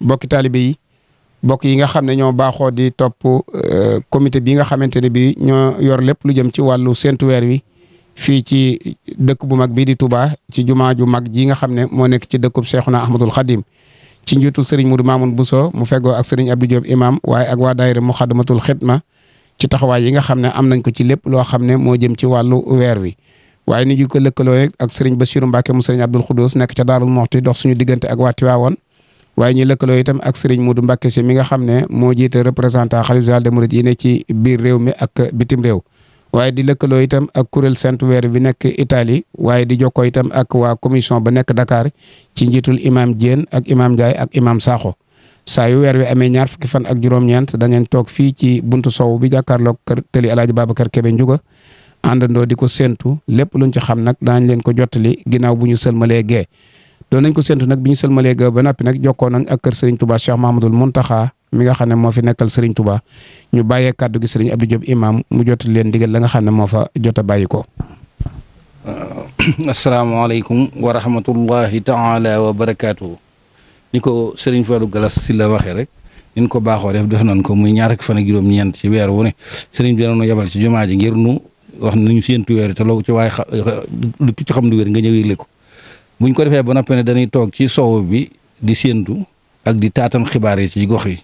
bokki taalibe yi bokk yi nga xam ne ñoo baaxoo di topp euh, comité bi nga xamante ne bi ñoo yor lépp lu jëm ci wàllu séntu weer wi fii ci dëkk bu mag bii di Touba ci jumaa ju mag ji nga xam ne moo nekk ci dëkkub Seexuna Ahmadul Xadim ci njiitul sëriñ Mudu Maamun soo mu feggoo ak sëriñ Abdou Diop imam waaye ak waa daayira Muxaddamatul Xidma ci taxawaay yi nga xam ne am nañ ko ci lépp loo xam ne moo jëm ci wàllu weer wi waaye ni ñu ko lëkkaloo rek ak sëriñ Basiru Mbàkke mu sëriñ Abdul Xudus nekk ca Daarul Moxti dox suñu diggante ak waa Tiwaawoon waaye ñu lëkkaloo itam ak Serigne Modou Mbacké si mi nga xam ne moo jiite représentant xalif général des mourides yi ne ci biir réew mi ak bitim réew waaye di lëkkaloo itam ak kuréel sant weer bi nekk Italie waaye di jokkoo itam ak waa commission ba nekk Dakar ci njiitul imam Diène ak imam Ndiaye ak imam Sakho saa yu weer wi amee ñaar fukki fan ak juróom-ñeent dañeen toog fii ci buntu sow bi jàkkaarloog kër tëli El Hadj Babacar Kébé Ndiouga àndandoo di ko séentu lépp luñ ci xam nag daañ leen ko jottali ginnaaw bu ñu sëlmalee gee doon nañ ko séntu nag bi ñu sëlmalee ga ba noppi nag jokkoo nañ ak kër Serigne Touba Cheikh Mahamadul Muntaxa mi nga xam ne moo fi nekkal Serigne tubaa ñu bàyyee kàddu gi ab Abdou Diop imam mu jotali leen digal la nga xam ne moo fa jot a bàyyi ko. Uh, asalaamaaleykum wa rahmatullahi taala wa barakaatu. ni ko Serigne Fallou Galas si la waxee rek. ni ko baaxoo def def noon ko muy ñaar ak fan juróom-ñeent ci weer wu ne Serigne bi dana nu yabal ci jumaa ji ngir nu wax nañu séentu weer te loo ci waaye lu ci xam lu wér nga ñëw yëgle ko bu ñu ko defee ba noppi ne dañuy toog ci sow bi di séentu ak di taatan xibaar yi ci gox yi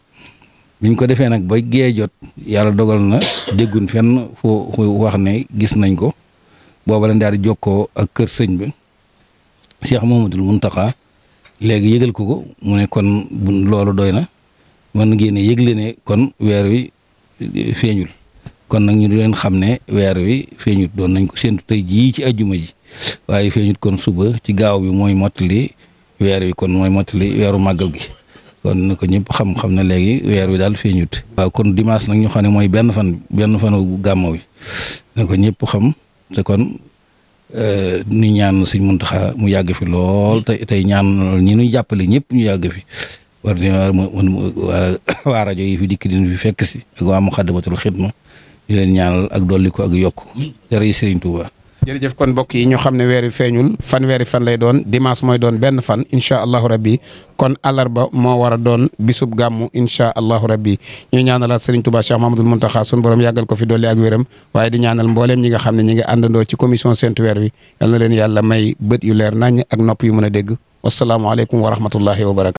biñ ko defee nag ba gee jot yàlla dogal na déggun fenn foo wax ne gis nañ ko booba lañ daal di jokkoo ak kër sëñ bi Cheikh Mamadou Mountakha léegi yëgal ko ko mu ne kon bu loolu doy na mën ngeen a yëgle ne kon weer wi feeñul kon nag ñu du leen xam ne weer wi feeñut doon nañ ko séentu tey jii ci ajjuma ji waaye feeñut kon suba ci gaaw bi mooy mottali weer wi kon mooy mottali weeru màggal gi kon na ko ñëpp xam-xam na léegi weer wi daal feeñut waaw kon dimanche nag ñu xam ne mooy benn fan benn fanu gàmmu wi na ko ñëpp xam te kon ñu euh, ñaan Sëñ Muntaxa mu yàgg fi lool te tey ñaan ñi ñu jàppale ñëpp ñu yàgg fi war waa rajo yi fi dikk din fi fekk si ak waa Muxaddamatul Xidma ñu leen ñaanal ak dolli ko ak yokk dara yi Sëriñ Tuuba jërëjëf kon mbokk yi ñu xam ne weer wi feeñul fanweeri fan lay doon dimanche mooy doon benn fan incha allahu rabbi kon àllarba moo war a doon bisub gàmmu incha allahu rabbi ñu ñaanalaat Serigne Touba Cheikh Mamadou Mountakha sun borom yàggal ko fi dolli ak wéram waaye di ñaanal mbooleem ñi nga xam ne ñi ngi àndandoo ci commission seentu weer wi yal na leen yàlla may bët yu leer nañ ak nopp yu mën a dégg wasalaamualeykum wa rahmatullahi wa